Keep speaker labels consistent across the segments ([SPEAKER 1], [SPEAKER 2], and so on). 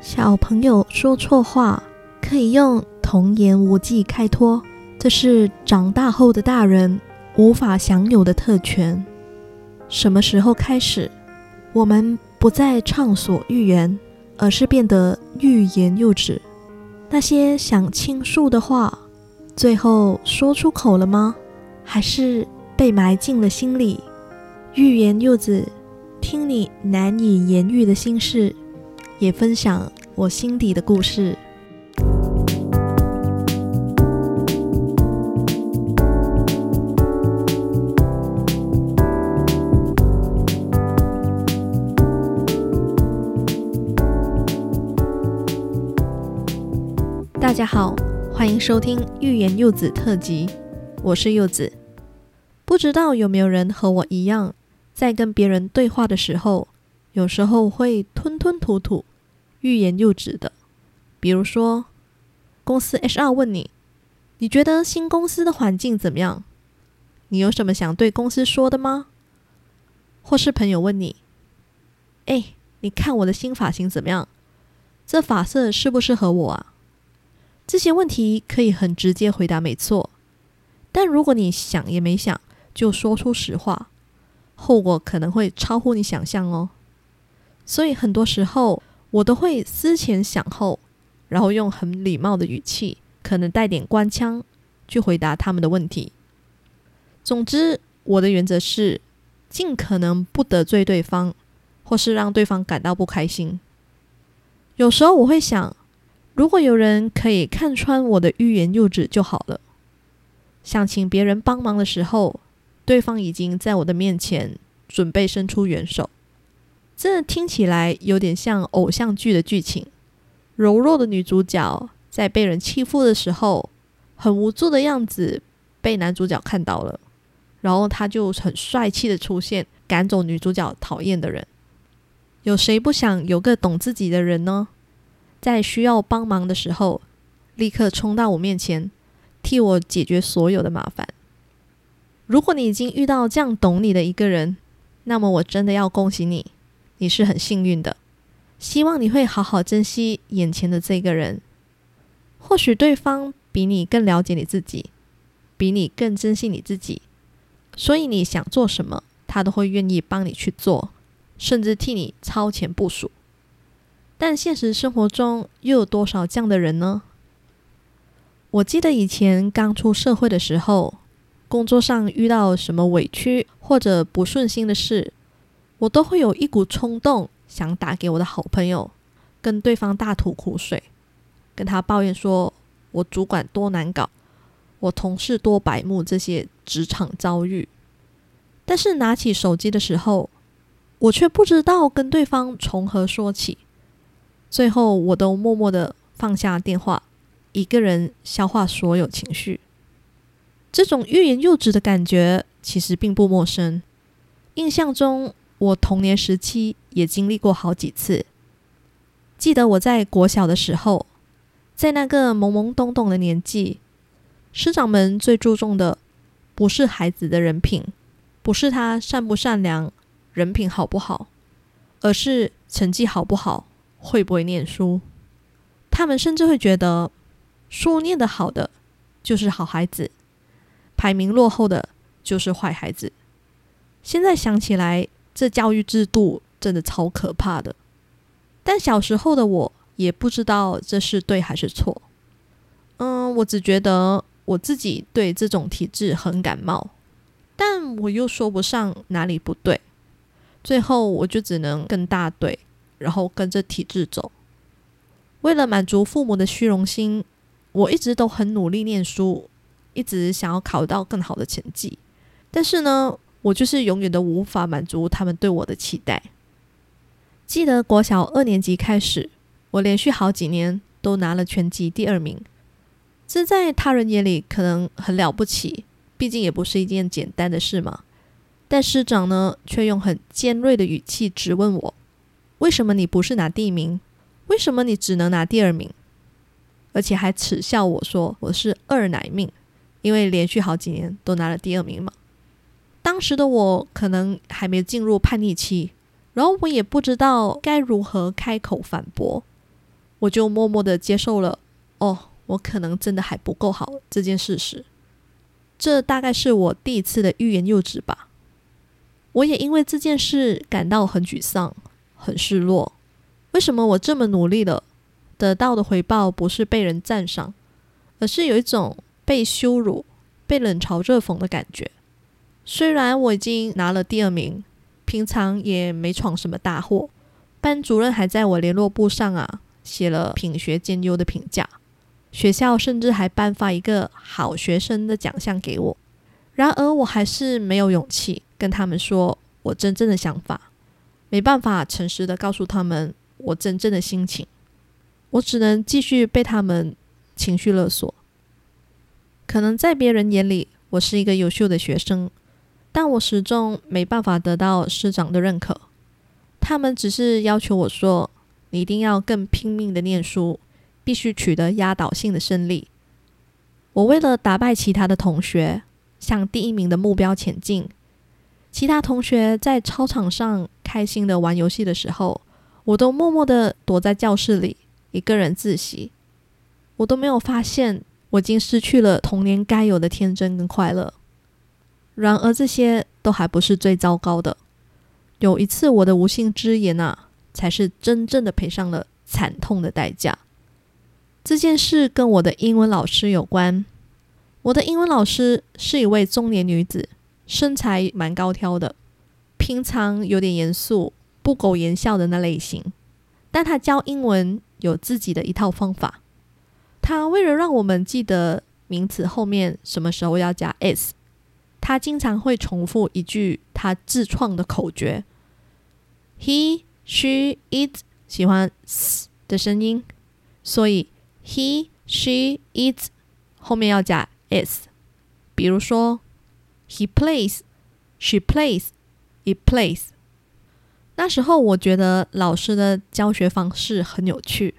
[SPEAKER 1] 小朋友說錯話，可以用童言無忌開脫，這是長大後的大人無法享有的特權。什麼時候開始，我們不再暢所欲言，而是變得欲言又止？那些想傾訴的話，最後說出口了嗎？還是被埋進了心裡，欲言又止？聽你難以言喻的心事，也分享我心底的故事。大家好，歡迎收聽《欲言又止》特輯，我是柚子。不知道有沒有人和我一樣？在跟別人對話的時候，有時候會吞吞吐吐、欲言又止的。比如說，公司 HR 問你：“你覺得新公司的環境怎麼樣？你有什麼想對公司說的嗎？”或是朋友問你：“哎，你看我的新髮型怎麼樣？這髮色適不適合我啊？”這些問題可以很直接回答，沒錯。但如果你想也沒想，就說出實話。後果可能會超乎你想象哦，所以很多時候我都會思前想後，然後用很禮貌的語氣，可能帶點官腔去回答他們的問題。總之，我的原則是盡可能不得罪對方，或是讓對方感到不開心。有時候我會想，如果有人可以看穿我的欲言又止就好了。想請別人幫忙的時候，對方已經在我的面前準備伸出援手，這聽起來有點像偶像劇的劇情。柔弱的女主角在被人欺負的時候，很無助的樣子被男主角看到了，然後他就很帥氣的出現，趕走女主角討厭的人。有誰不想有個懂自己的人呢？在需要幫忙的時候，立刻衝到我面前，替我解決所有的麻煩。如果你已經遇到這樣懂你的一個人，那麼我真的要恭喜你，你是很幸運的。希望你會好好珍惜眼前的這個人。或許對方比你更了解你自己，比你更珍惜你自己，所以你想做什麼，他都會願意幫你去做，甚至替你超前部署。但現實生活中又有多少這樣的人呢？我記得以前剛出社會的時候，工作上遇到什麼委屈或者不順心的事，我都會有一股衝動想打給我的好朋友，跟對方大吐苦水，跟他抱怨說我主管多難搞，我同事多白目這些職場遭遇。但是拿起手機的時候，我卻不知道跟對方從何說起，最後我都默默的放下電話，一個人消化所有情緒。這種欲言又止的感覺其實並不陌生。印象中，我童年時期也經歷過好幾次。記得我在國小的時候，在那個懵懵懂懂的年紀，師長們最注重的不是孩子的人品，不是他善不善良、人品好不好，而是成績好不好，會不會念書。他們甚至會覺得，書念得好的就是好孩子。排名落後的就是壞孩子。現在想起來，這教育制度真的超可怕的。但小時候的我也不知道這是對還是錯。嗯，我只覺得我自己對這種體制很感冒，但我又說不上哪裡不對。最後，我就只能跟大隊，然後跟着體制走。為了滿足父母的虛榮心，我一直都很努力念書。一直想要考到更好的成績，但是呢，我就是永遠都無法滿足他們對我的期待。記得國小二年級開始，我連續好幾年都拿了全級第二名，這在他人眼裡可能很了不起，畢竟也不是一件簡單的事嘛。但師長呢，卻用很尖銳的語氣質問我：“為什麼你不是拿第一名？為什麼你只能拿第二名？”而且還恥笑我說我是二奶命。因為連續好幾年都拿了第二名嘛，當時的我可能還沒進入叛逆期，然後我也不知道該如何開口反駁，我就默默的接受了。哦，我可能真的還不夠好，這件事實。這大概是我第一次的欲言又止吧。我也因為這件事感到很沮喪、很失落。為什麼我這麼努力了，得到的回報不是被人讚賞，而是有一種。被羞辱、被冷嘲熱諷的感覺。雖然我已經拿了第二名，平常也沒闖什麼大禍，班主任還在我聯絡簿上啊寫了品學兼優的評價，學校甚至還頒發一個好學生的獎項給我。然而，我還是沒有勇氣跟他們說我真正的想法，沒辦法誠實的告訴他們我真正的心情，我只能繼續被他們情緒勒索。可能在別人眼裡，我是一個優秀的學生，但我始終沒辦法得到師長的認可。他們只是要求我說：“你一定要更拼命的念書，必須取得壓倒性的勝利。”我為了打敗其他的同學，向第一名的目標前進。其他同學在操場上開心的玩遊戲的時候，我都默默的躲在教室裡，一個人自習。我都沒有發現。我已經失去了童年該有的天真跟快樂。然而，這些都還不是最糟糕的。有一次，我的無心之言啊，才是真正的賠上了慘痛的代價。這件事跟我的英文老師有關。我的英文老師是一位中年女子，身材蠻高挑的，平常有點嚴肅、不苟言笑的那類型。但她教英文有自己的一套方法。他為了讓我們記得名詞後面什麼時候要加 s，他經常會重複一句他自創的口訣：he she it 喜歡 s 的聲音，所以 he she it 後面要加 s。比如說 he plays，she plays，it plays。那時候我覺得老師的教學方式很有趣。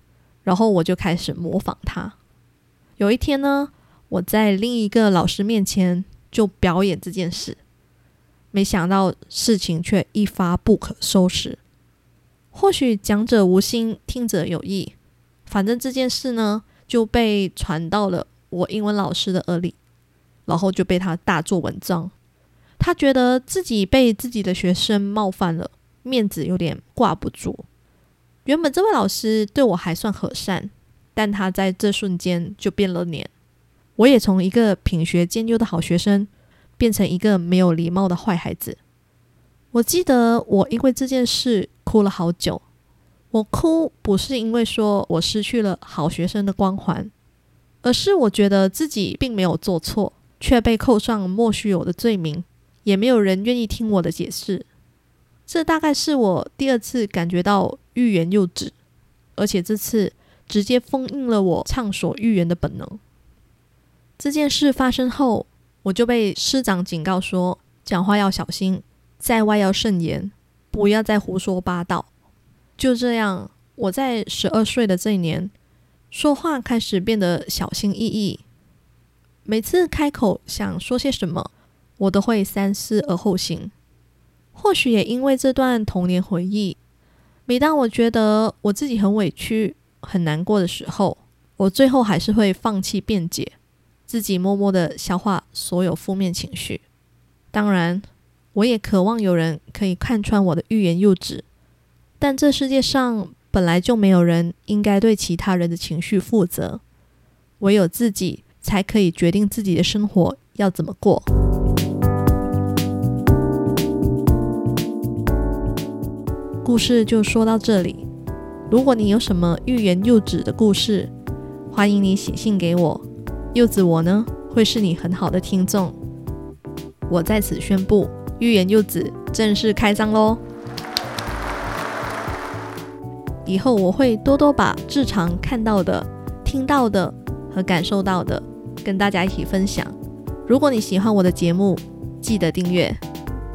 [SPEAKER 1] 然後我就開始模仿他。有一天呢，我在另一個老師面前就表演這件事，沒想到事情卻一發不可收拾。或許講者無心，聽者有意，反正這件事呢就被傳到了我英文老師的耳裡，然後就被他大做文章。他覺得自己被自己的學生冒犯了，面子有點掛不住。原本這位老師對我還算和善，但他在這瞬間就變了臉。我也從一個品學兼優的好學生，變成一個沒有禮貌的壞孩子。我記得我因為這件事哭了好久。我哭不是因為說我失去了好學生的光環，而是我覺得自己並沒有做錯，卻被扣上莫須有的罪名，也沒有人願意聽我的解釋。這大概是我第二次感覺到，欲言又止，而且這次直接封印了我暢所欲言的本能。這件事發生後，我就被師長警告說：“講話要小心，在外要慎言，不要再胡說八道。”就這樣，我在十二歲的這一年，說話開始變得小心翼翼。每次開口想說些什麼，我都會三思而後行。或許也因為這段童年回憶。每當我覺得我自己很委屈、很難過的時候，我最後還是會放棄辯解，自己默默地消化所有負面情緒。當然，我也渴望有人可以看穿我的欲言又止，但這世界上本來就沒有人應該對其他人的情緒負責，唯有自己才可以決定自己的生活要怎麼過。故事就說到這裡。如果你有什麼欲言又止的故事，歡迎你寫信給我。柚子，我呢會是你很好的聽眾。我在此宣布，欲言又止正式開張嘍！以後我會多多把日常看到的、聽到的和感受到的跟大家一起分享。如果你喜歡我的節目，記得訂閱，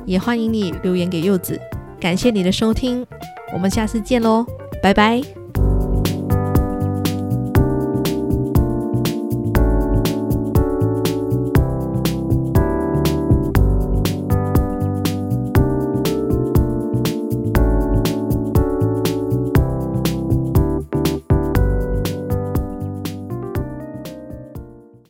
[SPEAKER 1] 也歡迎你留言給柚子。感謝你的收聽，我們下次見嘍，拜拜。